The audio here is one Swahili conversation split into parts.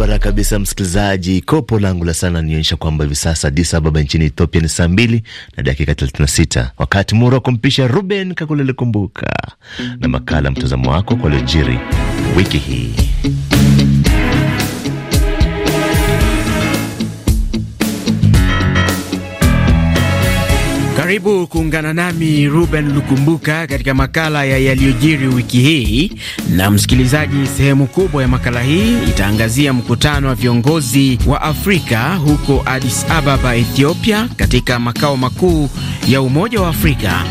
Barabara kabisa, msikilizaji. Kopo langu la sana nionyesha kwamba hivi sasa Addis Ababa nchini Ethiopia ni saa mbili na dakika 36, wakati mura wa kumpisha Ruben Kakulele Kumbuka na makala mtazamo wako kwa liojiri wiki hii. Karibu kuungana nami Ruben Lukumbuka katika makala ya yaliyojiri wiki hii. Na msikilizaji, sehemu kubwa ya makala hii itaangazia mkutano wa viongozi wa Afrika huko Addis Ababa, Ethiopia, katika makao makuu ya Umoja wa Afrika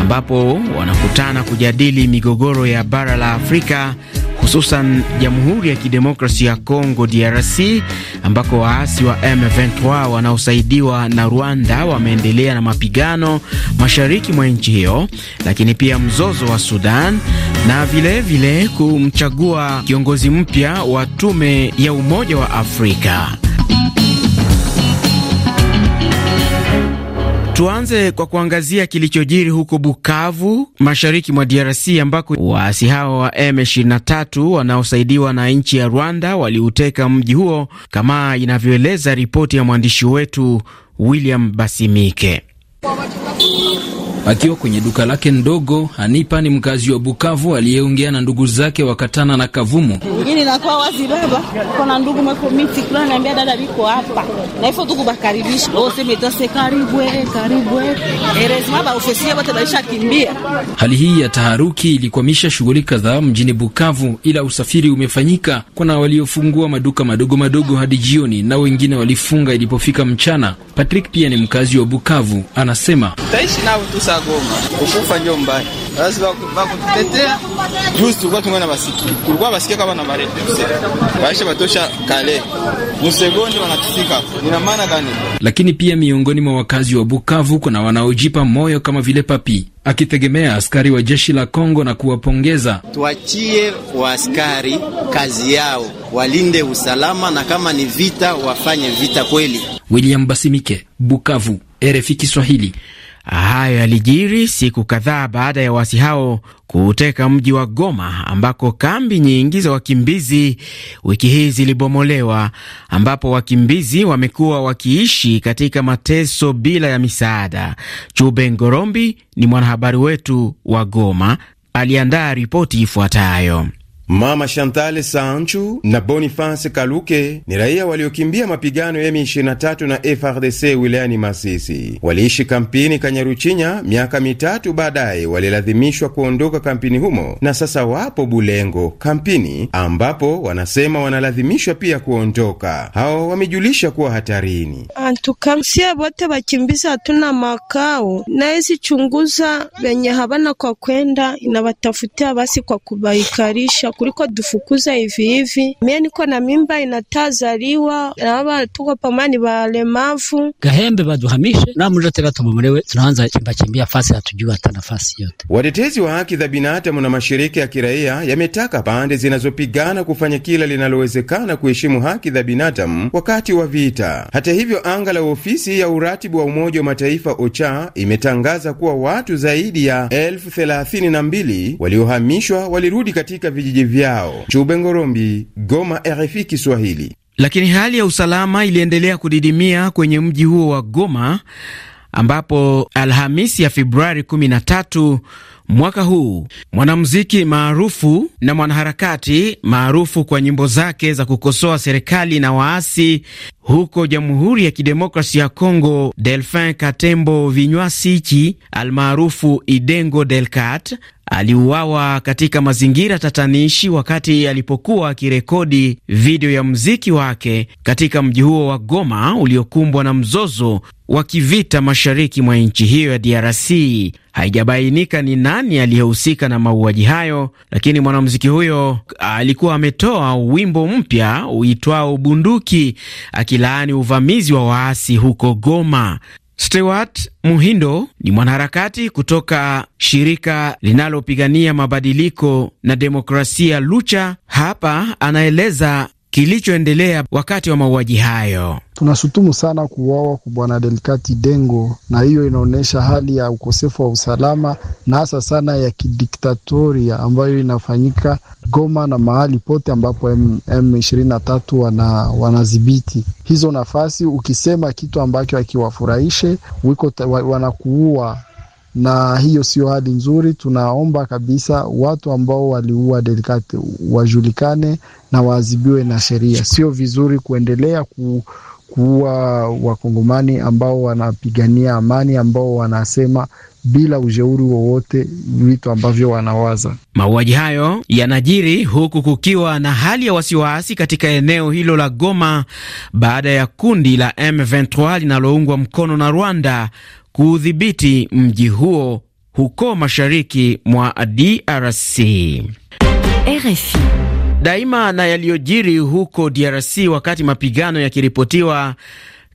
ambapo wanakutana kujadili migogoro ya bara la Afrika hususan Jamhuri ya kidemokrasi ya Kongo DRC ambako waasi wa M23 wanaosaidiwa na Rwanda wameendelea na mapigano mashariki mwa nchi hiyo, lakini pia mzozo wa Sudan na vilevile vile kumchagua kiongozi mpya wa tume ya Umoja wa Afrika. Tuanze kwa kuangazia kilichojiri huko Bukavu, mashariki mwa DRC, ambako waasi hao wa M23 wanaosaidiwa na nchi ya Rwanda waliuteka mji huo, kama inavyoeleza ripoti ya mwandishi wetu William Basimike. Akiwa kwenye duka lake ndogo, Hanipa ni mkazi wa Bukavu aliyeongea na ndugu zake wakatana na Kavumu. Ini nakuwa wazi baba, kuna ndugu mako miti kuna naambia dada biko hapa. Na hivyo tuku bakaribishi, Wao oh, sema itose karibu eh, karibu eh. Erezima ba ofisi yao tabalisha kimbia. Hali hii ya taharuki ilikwamisha shughuli kadhaa mjini Bukavu ila usafiri umefanyika. Kuna waliofungua maduka madogo madogo hadi jioni na wengine walifunga ilipofika mchana. Patrick pia ni mkazi wa Bukavu, anasema taishi nao tu saa Goma, kukufa ndio mbaya. Basi bakutetea juzi, tulikuwa tungana basiki, tulikuwa basiki kama na mare baisha batosha kale musegonde wanatusika, nina maana gani? Lakini pia miongoni mwa wakazi wa Bukavu kuna wanaojipa moyo kama vile Papi akitegemea askari wa jeshi la Kongo na kuwapongeza. Tuachie waaskari kazi yao, walinde usalama na kama ni vita wafanye vita kweli. William Basimike, Bukavu, RFI Kiswahili. Hayo yalijiri siku kadhaa baada ya waasi hao kuuteka mji wa Goma ambako kambi nyingi za wakimbizi wiki hii zilibomolewa, ambapo wakimbizi wamekuwa wakiishi katika mateso bila ya misaada. Chube Ngorombi ni mwanahabari wetu wa Goma, aliandaa ripoti ifuatayo. Mama Chantal Sanchu na Boniface Kaluke ni raia waliokimbia mapigano ya M23 na FARDC wilayani Masisi. Waliishi kampini Kanyaruchinya, miaka mitatu baadaye walilazimishwa kuondoka kampini humo na sasa wapo Bulengo kampini, ambapo wanasema wanalazimishwa pia kuondoka. Hao wamejulisha kuwa hatarini. Antukamsia bote bakimbiza, hatuna makao na hizi chunguza venye habana kwa kwenda inawatafutia basi kwa kubaikarisha kuliko dufukuza hivi hivi. Mie niko na mimba inatazaliwa baba, tuko pamani balemavu gahembe baduhamishe na muri tatu mumerewe, tunaanza chimba chimbia fasi hatujua hata nafasi yote. Watetezi wa haki za binadamu na mashirika ya kiraia yametaka pande zinazopigana kufanya kila linalowezekana kuheshimu haki za binadamu wakati wa vita. Hata hivyo, anga la ofisi ya uratibu wa Umoja wa Mataifa OCHA imetangaza kuwa watu zaidi ya elfu thelathini na mbili waliohamishwa walirudi katika vijiji vijiji vyao. Chube Ngorombi, Goma, RFI Kiswahili. Lakini hali ya usalama iliendelea kudidimia kwenye mji huo wa Goma ambapo Alhamisi ya Februari 13 mwaka huu mwanamuziki maarufu na mwanaharakati maarufu kwa nyimbo zake za kukosoa serikali na waasi huko Jamhuri ya Kidemokrasi ya congo Delfin Katembo Vinywasichi almaarufu Idengo Delcat aliuawa katika mazingira tatanishi wakati alipokuwa akirekodi video ya mziki wake katika mji huo wa Goma uliokumbwa na mzozo wa kivita mashariki mwa nchi hiyo ya DRC. Haijabainika ni nani aliyehusika na mauaji hayo, lakini mwanamuziki huyo alikuwa ametoa wimbo mpya uitwao Bunduki, akilaani uvamizi wa waasi huko Goma. Stewart Muhindo ni mwanaharakati kutoka shirika linalopigania mabadiliko na demokrasia Lucha. Hapa anaeleza kilichoendelea wakati wa mauaji hayo. Tunashutumu sana kuuawa kwa bwana Delikati Dengo, na hiyo inaonyesha hali ya ukosefu wa usalama na hasa sana ya kidiktatoria ambayo inafanyika Goma na mahali pote ambapo M23 wana wanadhibiti hizo nafasi. Ukisema kitu ambacho akiwafurahishe wanakuua na hiyo sio hali nzuri. Tunaomba kabisa watu ambao waliua Delikate wajulikane na waadhibiwe na sheria. Sio vizuri kuendelea ku kuwa wakongomani ambao wanapigania amani, ambao wanasema bila ujeuri wowote vitu ambavyo wanawaza. Mauaji hayo yanajiri huku kukiwa na hali ya wasiwasi katika eneo hilo la Goma baada ya kundi la M23 linaloungwa mkono na Rwanda kuudhibiti mji huo huko mashariki mwa DRC. RFI. Daima na yaliyojiri huko DRC wakati mapigano yakiripotiwa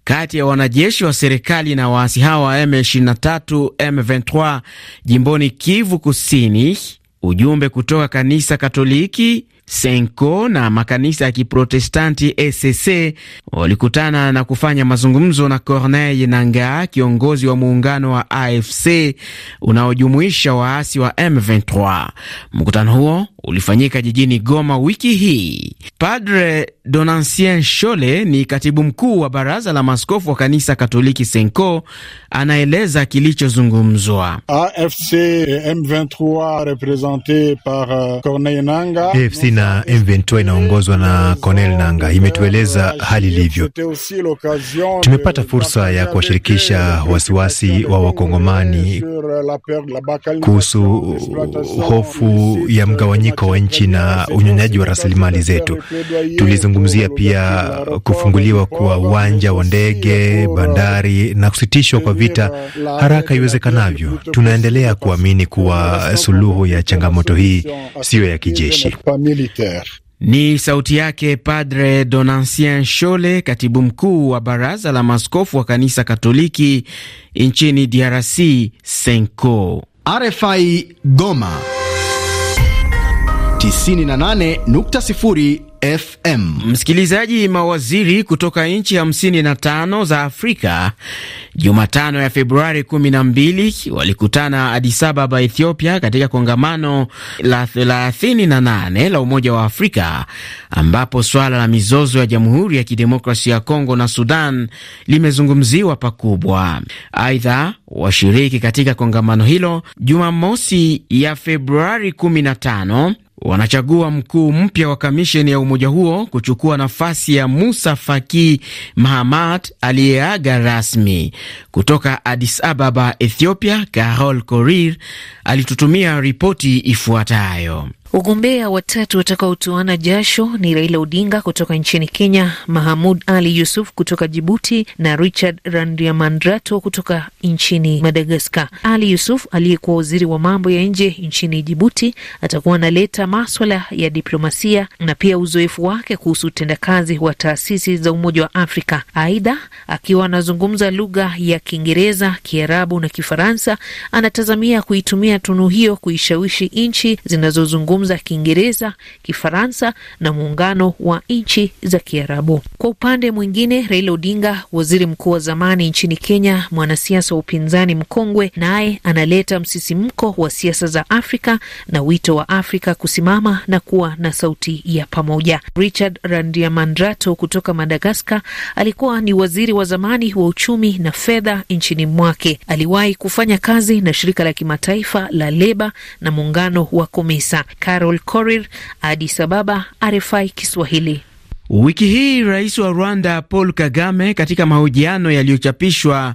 kati ya wanajeshi wa serikali na waasi hawa M23 M23 jimboni Kivu Kusini. Ujumbe kutoka kanisa Katoliki Senko na makanisa ya Kiprotestanti ECC walikutana na kufanya mazungumzo na Corneille Nangaa, kiongozi wa muungano wa AFC unaojumuisha waasi wa M23. Mkutano huo ulifanyika jijini Goma wiki hii. Padre Donancien Shole ni katibu mkuu wa baraza la maskofu wa kanisa Katoliki Senko, anaeleza kilichozungumzwa. AFC M23 par euh, Corneille Nangaa na M23 inaongozwa na Cornel Nanga imetueleza hali ilivyo. Tumepata fursa ya kuwashirikisha wasiwasi wa Wakongomani kuhusu hofu ya mgawanyiko wa nchi na unyonyaji wa rasilimali zetu. Tulizungumzia pia kufunguliwa kwa uwanja wa ndege, bandari na kusitishwa kwa vita haraka iwezekanavyo. Tunaendelea kuamini kuwa suluhu ya changamoto hii siyo ya kijeshi. Ni sauti yake Padre Donancien Shole, katibu mkuu wa baraza la maskofu wa kanisa Katoliki nchini DRC, Senko. RFI Goma 98.0 FM. Msikilizaji, mawaziri kutoka nchi 55 za Afrika Jumatano ya Februari 12 walikutana Addis Ababa, Ethiopia, katika kongamano la 38 la Umoja wa Afrika ambapo swala la mizozo ya Jamhuri ya Kidemokrasia ya Kongo na Sudan limezungumziwa pakubwa. Aidha, washiriki katika kongamano hilo Jumamosi ya Februari 15 wanachagua mkuu mpya wa kamisheni ya umoja huo kuchukua nafasi ya Musa Faki Mahamat aliyeaga rasmi. Kutoka Addis Ababa, Ethiopia, Carol Korir alitutumia ripoti ifuatayo. Wagombea watatu watakaotoana jasho ni Raila Odinga kutoka nchini Kenya, Mahamud Ali Yusuf kutoka Jibuti na Richard Randriamandrato kutoka nchini Madagaskar. Ali Yusuf aliyekuwa waziri wa mambo ya nje nchini Jibuti atakuwa analeta maswala ya diplomasia na pia uzoefu wake kuhusu utendakazi wa taasisi za Umoja wa Afrika. Aidha, akiwa anazungumza lugha ya Kiingereza, Kiarabu na Kifaransa, anatazamia kuitumia tunu hiyo kuishawishi nchi zinazozungumza kuzungumza Kiingereza, Kifaransa na muungano wa nchi za Kiarabu. Kwa upande mwingine, Raila Odinga, waziri mkuu wa zamani nchini Kenya, mwanasiasa wa upinzani mkongwe, naye analeta msisimko wa siasa za Afrika na wito wa Afrika kusimama na kuwa na sauti ya pamoja. Richard mandrato kutoka Madagaskar alikuwa ni waziri wa zamani wa uchumi na fedha nchini mwake. Aliwahi kufanya kazi na shirika la kimataifa la leba na muungano wa Komesa. Carol Corir, Addis Ababa, RFI Kiswahili. Wiki hii rais wa Rwanda Paul Kagame katika mahojiano yaliyochapishwa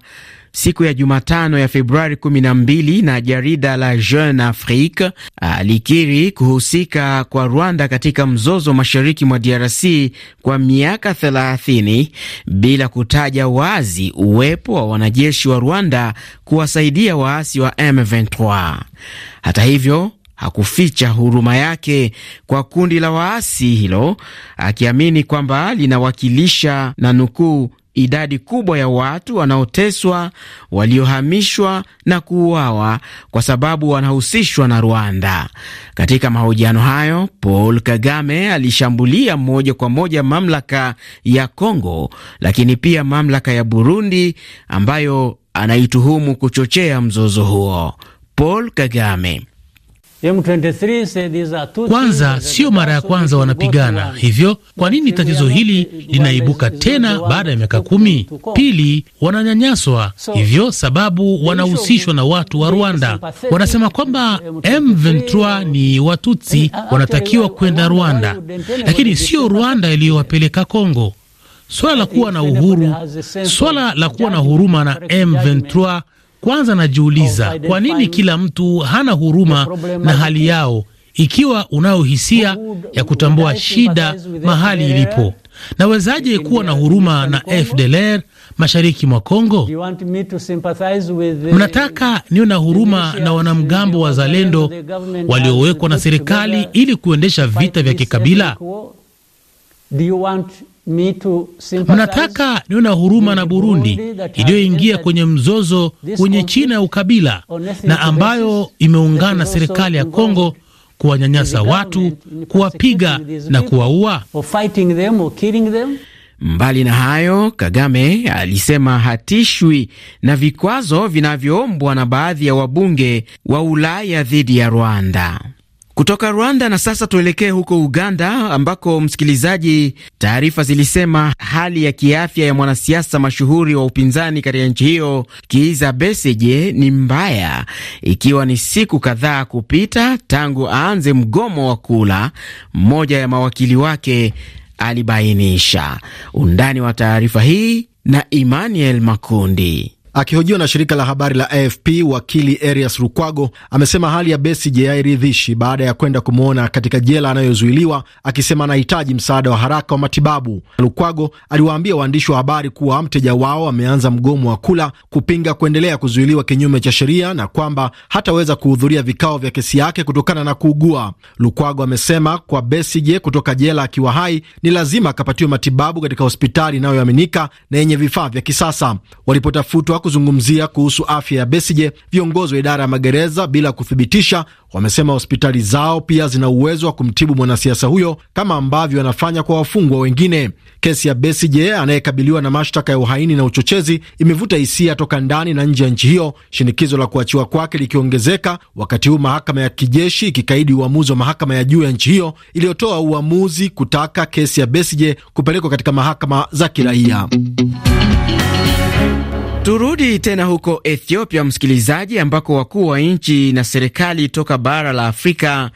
siku ya Jumatano ya Februari 12 na jarida la Jeune Afrique alikiri kuhusika kwa Rwanda katika mzozo mashariki mwa DRC kwa miaka 30 bila kutaja wazi uwepo wa wanajeshi wa Rwanda kuwasaidia waasi wa M23. Hata hivyo hakuficha huruma yake kwa kundi la waasi hilo, akiamini kwamba linawakilisha na nukuu, idadi kubwa ya watu wanaoteswa, waliohamishwa na kuuawa kwa sababu wanahusishwa na Rwanda. Katika mahojiano hayo, Paul Kagame alishambulia moja kwa moja mamlaka ya Kongo, lakini pia mamlaka ya Burundi ambayo anaituhumu kuchochea mzozo huo. Paul Kagame kwanza sio mara ya kwanza wanapigana hivyo, kwa nini tatizo hili linaibuka tena baada ya miaka kumi? Pili, wananyanyaswa hivyo sababu wanahusishwa na watu wa Rwanda. Wanasema kwamba M23 ni Watutsi wanatakiwa kwenda Rwanda, lakini sio Rwanda iliyowapeleka Kongo. Swala la kuwa na uhuru, swala la kuwa na huruma na M23 kwanza najiuliza oh, kwa nini kila mtu hana huruma na hali yao, ikiwa unayo hisia ya kutambua shida mahali ilipo, nawezaje kuwa na huruma na FDLR mashariki mwa Kongo? Mnataka niwe na huruma na wanamgambo wazalendo waliowekwa na serikali ili kuendesha vita vya kikabila? Do you want Mnataka niwe na huruma na Burundi iliyoingia kwenye mzozo wenye China ya ukabila na ambayo imeungana na serikali ya Kongo kuwanyanyasa watu, kuwapiga na kuwaua. Mbali na hayo, Kagame alisema hatishwi na vikwazo vinavyoombwa na baadhi ya wabunge wa Ulaya dhidi ya Rwanda kutoka Rwanda. Na sasa tuelekee huko Uganda, ambako msikilizaji, taarifa zilisema hali ya kiafya ya mwanasiasa mashuhuri wa upinzani katika nchi hiyo Kiiza Besigye ni mbaya, ikiwa ni siku kadhaa kupita tangu aanze mgomo wa kula. Mmoja ya mawakili wake alibainisha. Undani wa taarifa hii na Emmanuel Makundi. Akihojiwa na shirika la habari la AFP, wakili arias rukwago amesema hali ya Besigye hairidhishi baada ya kwenda kumwona katika jela anayozuiliwa, akisema anahitaji msaada wa haraka wa matibabu. Lukwago aliwaambia waandishi wa habari kuwa mteja wao ameanza mgomo wa kula kupinga kuendelea kuzuiliwa kinyume cha sheria na kwamba hataweza kuhudhuria vikao vya kesi yake kutokana na kuugua. Lukwago amesema kwa Besigye kutoka jela akiwa hai ni lazima akapatiwe matibabu katika hospitali inayoaminika na yenye vifaa vya kisasa. walipotafutwa kuzungumzia kuhusu afya ya Besije. Viongozi wa idara ya magereza, bila kuthibitisha, wamesema hospitali zao pia zina uwezo wa kumtibu mwanasiasa huyo kama ambavyo wanafanya kwa wafungwa wengine. Kesi ya Besije anayekabiliwa na mashtaka ya uhaini na uchochezi imevuta hisia toka ndani na nje ya nchi hiyo, shinikizo la kuachiwa kwake likiongezeka, wakati huu mahakama ya kijeshi ikikaidi uamuzi wa mahakama ya juu ya nchi hiyo iliyotoa uamuzi kutaka kesi ya Besije kupelekwa katika mahakama za kiraia. Turudi tena huko Ethiopia, msikilizaji, ambako wakuu wa nchi na serikali toka bara la Afrika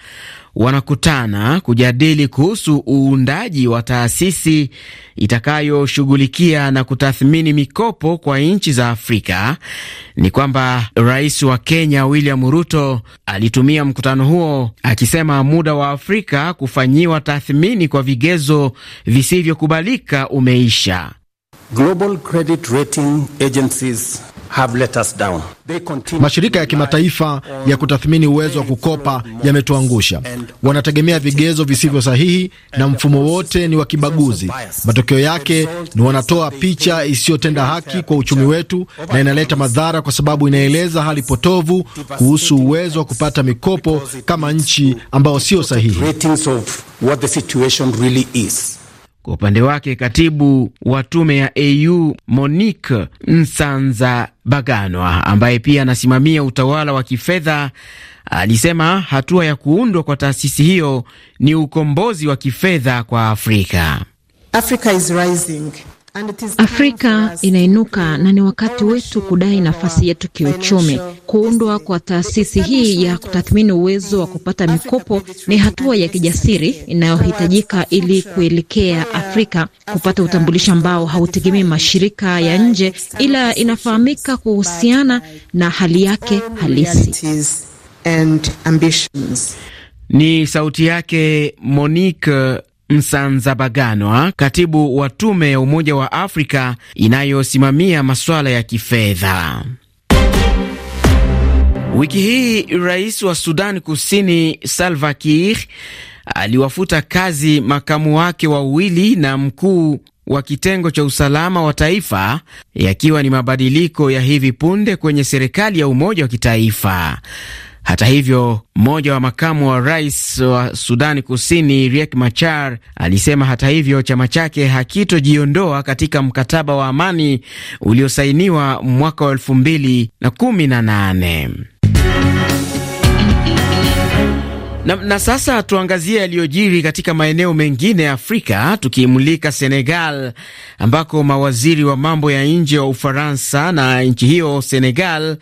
wanakutana kujadili kuhusu uundaji wa taasisi itakayoshughulikia na kutathmini mikopo kwa nchi za Afrika. Ni kwamba rais wa Kenya William Ruto alitumia mkutano huo akisema muda wa Afrika kufanyiwa tathmini kwa vigezo visivyokubalika umeisha. Global credit rating agencies have let us down. They continue... Mashirika ya kimataifa ya kutathmini uwezo wa kukopa yametuangusha. Wanategemea vigezo visivyo sahihi na mfumo wote ni wa kibaguzi. Matokeo yake ni wanatoa picha isiyotenda haki kwa uchumi wetu na inaleta madhara kwa sababu inaeleza hali potovu kuhusu uwezo wa kupata mikopo kama nchi ambayo sio sahihi. Kwa upande wake katibu wa tume ya AU Monique Nsanza Baganwa ambaye pia anasimamia utawala wa kifedha alisema hatua ya kuundwa kwa taasisi hiyo ni ukombozi wa kifedha kwa Afrika. Africa is rising. Afrika inainuka na ni wakati wetu kudai nafasi yetu kiuchumi. Kuundwa kwa taasisi hii ya kutathmini uwezo wa kupata mikopo ni hatua ya kijasiri inayohitajika ili kuelekea Afrika kupata utambulisho ambao hautegemei mashirika ya nje, ila inafahamika kuhusiana na hali yake halisi. Ni sauti yake Monique Msanzabaganwa, katibu wa tume ya Umoja wa Afrika inayosimamia masuala ya kifedha. Wiki hii rais wa Sudan Kusini Salva Kiir aliwafuta kazi makamu wake wawili na mkuu wa kitengo cha usalama wa taifa, yakiwa ni mabadiliko ya hivi punde kwenye serikali ya umoja wa kitaifa. Hata hivyo, mmoja wa makamu wa rais wa Sudani Kusini Riek Machar alisema hata hivyo chama chake hakitojiondoa katika mkataba wa amani uliosainiwa mwaka wa elfu mbili na kumi na nane. Na, na sasa tuangazie yaliyojiri katika maeneo mengine ya Afrika tukimulika Senegal ambako mawaziri wa mambo ya nje wa Ufaransa na nchi hiyo Senegal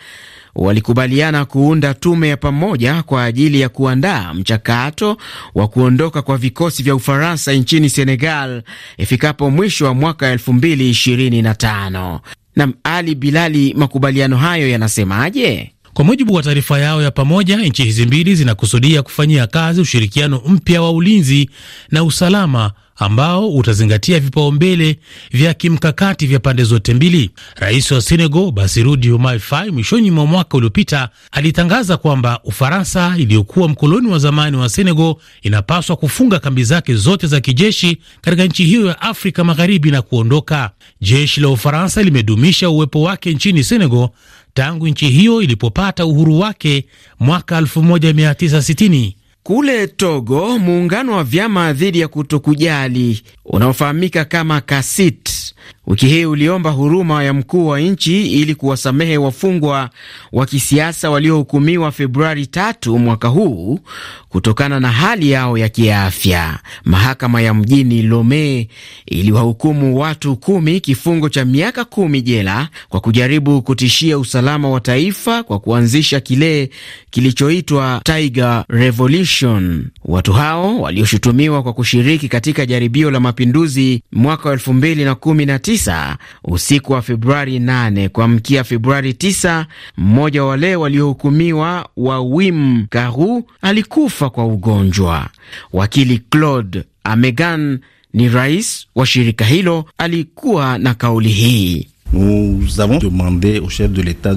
walikubaliana kuunda tume ya pamoja kwa ajili ya kuandaa mchakato wa kuondoka kwa vikosi vya Ufaransa nchini Senegal ifikapo mwisho wa mwaka 2025. Nam Ali Bilali, makubaliano hayo yanasemaje? Kwa mujibu wa taarifa yao ya pamoja, nchi hizi mbili zinakusudia kufanyia kazi ushirikiano mpya wa ulinzi na usalama ambao utazingatia vipaumbele vya kimkakati vya pande zote mbili. Rais wa Senegal Bassirou Diomaye Faye mwishoni mwa mwaka uliopita alitangaza kwamba Ufaransa iliyokuwa mkoloni wa zamani wa Senegal inapaswa kufunga kambi zake zote za kijeshi katika nchi hiyo ya Afrika Magharibi na kuondoka. Jeshi la Ufaransa limedumisha uwepo wake nchini Senegal tangu nchi hiyo ilipopata uhuru wake mwaka 1960. Kule Togo, muungano wa vyama dhidi ya kutokujali unaofahamika kama Kasit Wiki hii uliomba huruma ya mkuu wa nchi ili kuwasamehe wafungwa wa kisiasa waliohukumiwa Februari tatu mwaka huu kutokana na hali yao ya kiafya. Mahakama ya mjini Lome iliwahukumu watu kumi kifungo cha miaka kumi jela kwa kujaribu kutishia usalama wa taifa kwa kuanzisha kile kilichoitwa Tiger Revolution. Watu hao walioshutumiwa kwa kushiriki katika jaribio la mapinduzi mwaka wa elfu mbili na kumi na 19 usiku wa Februari 8 kuamkia Februari 9, mmoja wa wale waliohukumiwa wa Wim Karu alikufa kwa ugonjwa. Wakili Claude Amegan ni rais wa shirika hilo, alikuwa na kauli hii.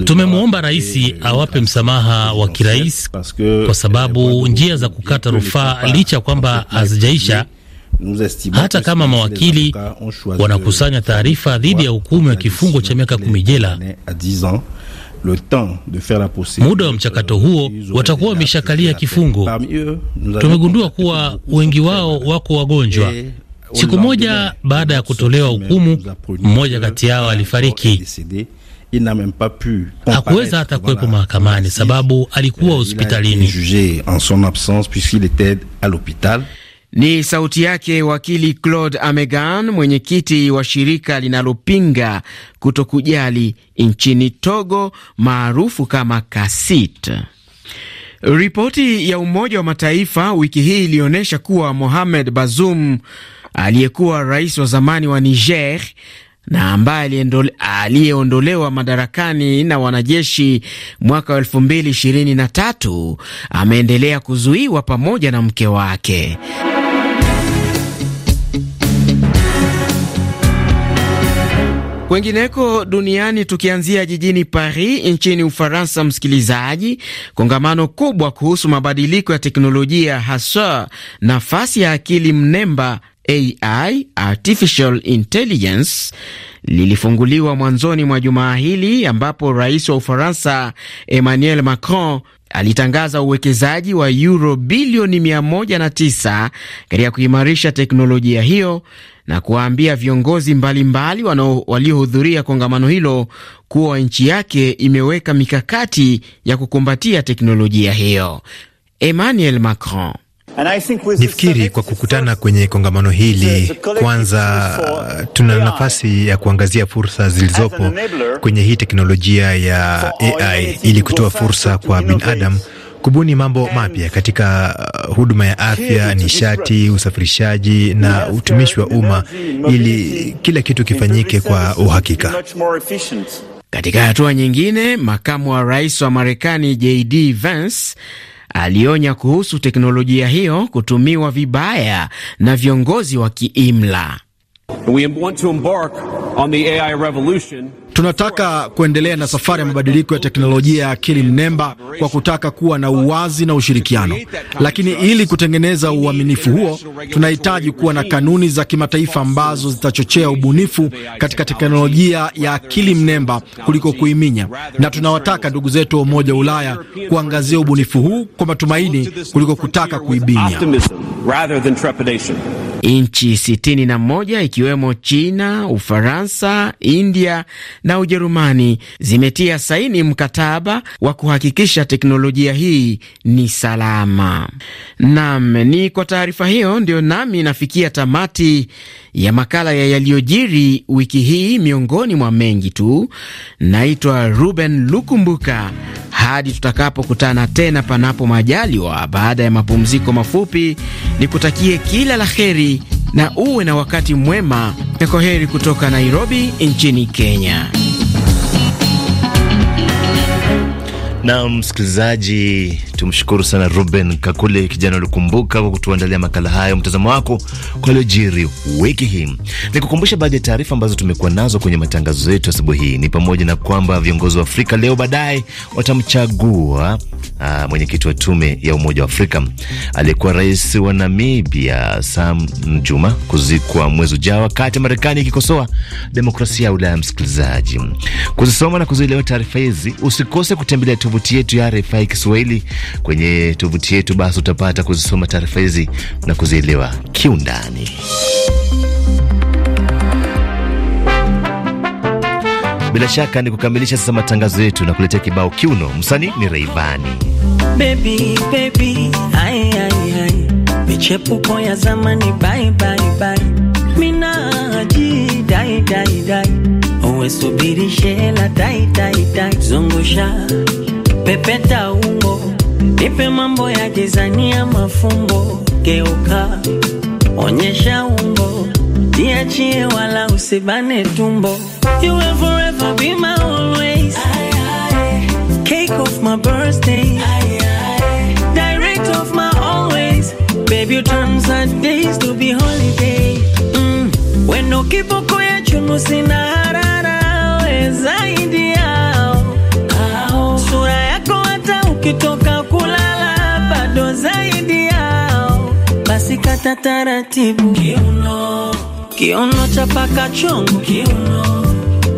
Tumemwomba rais awape msamaha wa kirais kwa sababu njia za kukata rufaa licha ya kwamba hazijaisha hata kama mawakili wanakusanya taarifa dhidi ya hukumu ya kifungo cha miaka kumi jela. Muda wa mchakato euh, huo watakuwa wameshakalia kifungo. Tumegundua kuwa wengi wao wako wagonjwa. Siku moja baada ya kutolewa hukumu, mmoja kati yao alifariki. Hakuweza hata kuwepo mahakamani sababu alikuwa euh, hospitalini. Ni sauti yake wakili Claude Amegan, mwenyekiti wa shirika linalopinga kutokujali nchini Togo maarufu kama Kasit. Ripoti ya Umoja wa Mataifa wiki hii ilionyesha kuwa Mohamed Bazoum aliyekuwa rais wa zamani wa Niger na ambaye aliyeondolewa madarakani na wanajeshi mwaka wa elfu mbili ishirini na tatu ameendelea kuzuiwa pamoja na mke wake. Kwengineko duniani tukianzia jijini Paris nchini Ufaransa, msikilizaji, kongamano kubwa kuhusu mabadiliko ya teknolojia, hasa nafasi ya akili mnemba AI Artificial Intelligence lilifunguliwa mwanzoni mwa jumaa hili ambapo rais wa Ufaransa Emmanuel Macron alitangaza uwekezaji wa euro bilioni 109 katika kuimarisha teknolojia hiyo na kuwaambia viongozi mbalimbali waliohudhuria kongamano hilo kuwa nchi yake imeweka mikakati ya kukumbatia teknolojia hiyo. Emmanuel Macron Nifikiri kwa kukutana kwenye kongamano hili, kwanza uh, tuna nafasi ya kuangazia fursa zilizopo kwenye hii teknolojia ya AI ili kutoa fursa kwa binadamu kubuni mambo mapya katika uh, huduma ya afya, nishati, usafirishaji na utumishi wa umma ili kila kitu kifanyike kwa uhakika. Katika hatua nyingine, makamu wa rais wa Marekani JD Vance Alionya kuhusu teknolojia hiyo kutumiwa vibaya na viongozi wa kiimla. Tunataka kuendelea na safari ya mabadiliko ya teknolojia ya akili mnemba kwa kutaka kuwa na uwazi na ushirikiano, lakini ili kutengeneza uaminifu huo, tunahitaji kuwa na kanuni za kimataifa ambazo zitachochea ubunifu katika teknolojia ya akili mnemba kuliko kuiminya, na tunawataka ndugu zetu wa Umoja wa Ulaya kuangazia ubunifu huu kwa matumaini kuliko kutaka kuibinya. Nchi sitini na moja ikiwemo China, Ufaransa, India na Ujerumani zimetia saini mkataba wa kuhakikisha teknolojia hii ni salama. Nam ni kwa taarifa hiyo, ndio nami nafikia tamati ya makala ya yaliyojiri wiki hii, miongoni mwa mengi tu. Naitwa Ruben Lukumbuka hadi tutakapokutana tena, panapo majaliwa, baada ya mapumziko mafupi, ni kutakie kila la heri na uwe na wakati mwema. kwa heri kutoka Nairobi nchini Kenya. Na msikilizaji, Tumshukuru sana Ruben Kakule, kijana ulikumbuka kwa kutuandalia makala hayo, mtazamo wako kwa yaliyojiri wiki hii. Nikukumbusha baadhi ya taarifa ambazo tumekuwa nazo kwenye matangazo yetu asubuhi hii ni pamoja na kwamba viongozi wa Afrika leo baadaye watamchagua ah, mwenyekiti wa tume ya Umoja wa Afrika. Aliyekuwa rais wa Namibia Sam Nujuma kuzikwa mwezi ujao, wakati Marekani ikikosoa demokrasia ya Ulaya. Msikilizaji, kuzisoma na kuzielewa taarifa hizi, usikose kutembelea tovuti yetu ya RFI Kiswahili kwenye tovuti yetu, basi utapata kuzisoma taarifa hizi na kuzielewa kiundani. Bila shaka ni kukamilisha sasa matangazo yetu na kuletea kibao kiuno. Msanii ni Reivani. Baby, baby, Michepuko ya zamani bye, bye, bye. dai dai dai, uwe subiri shela dai dai dai, zungusha pepeta Nipe mambo ya gizania mafumbo, geuka onyesha umbo, jiachie wala usibane tumbo. You will forever be my always. Cake of my birthday. Direct of my always. Baby, you turn sad days to be holiday. Mm. Wendo kiboko ya chunu sina harara, we zaidi yao. Sura yako hata ukitoka kata taratibu, kiuno kiuno, chapaka chongo, kiuno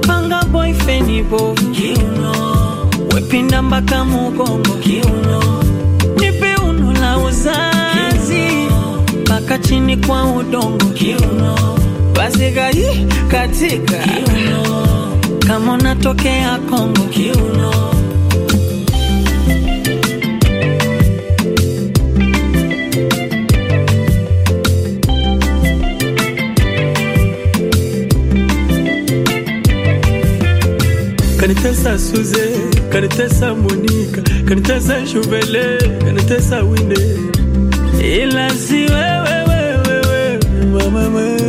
panga boyfriend bovu, kiuno wepinda mpaka mugongo, kiuno nipe uno la uzazi paka chini kwa udongo, kiuno bazigai katika kiuno, kama natokea Kongo, kiuno kanitesa Suze, kanitesa Monika, kanitesa Juvele, kanitesa Wine, ila si wewe wewe wewe mama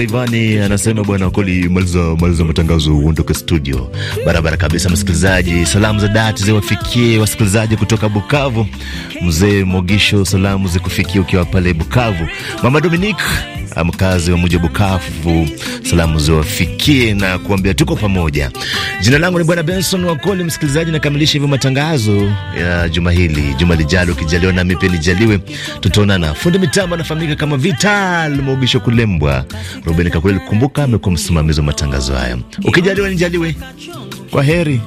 Rivani anasema bwana Koli, maliza maliza matangazo uondoke studio. Barabara kabisa, msikilizaji. Salamu za dhati ziwafikie wasikilizaji kutoka Bukavu. Mzee Mogisho, salamu zikufikie ukiwa pale Bukavu. Mama Dominique mkazi wa mji wa Bukavu, salamu ziwafikie na kuambia tuko pamoja. Jina langu ni Bwana Benson Wakoli, msikilizaji, nakamilisha hivyo matangazo ya juma hili. Juma lijalo ukijaliwa, nami pia nijaliwe, tutaonana. Fundi mitambo anafahamika kama Vital Mogisho Kulembwa. Ruben Kakule Kumbuka amekuwa msimamizi wa matangazo haya. Ukijaliwa nijaliwe, kwa heri.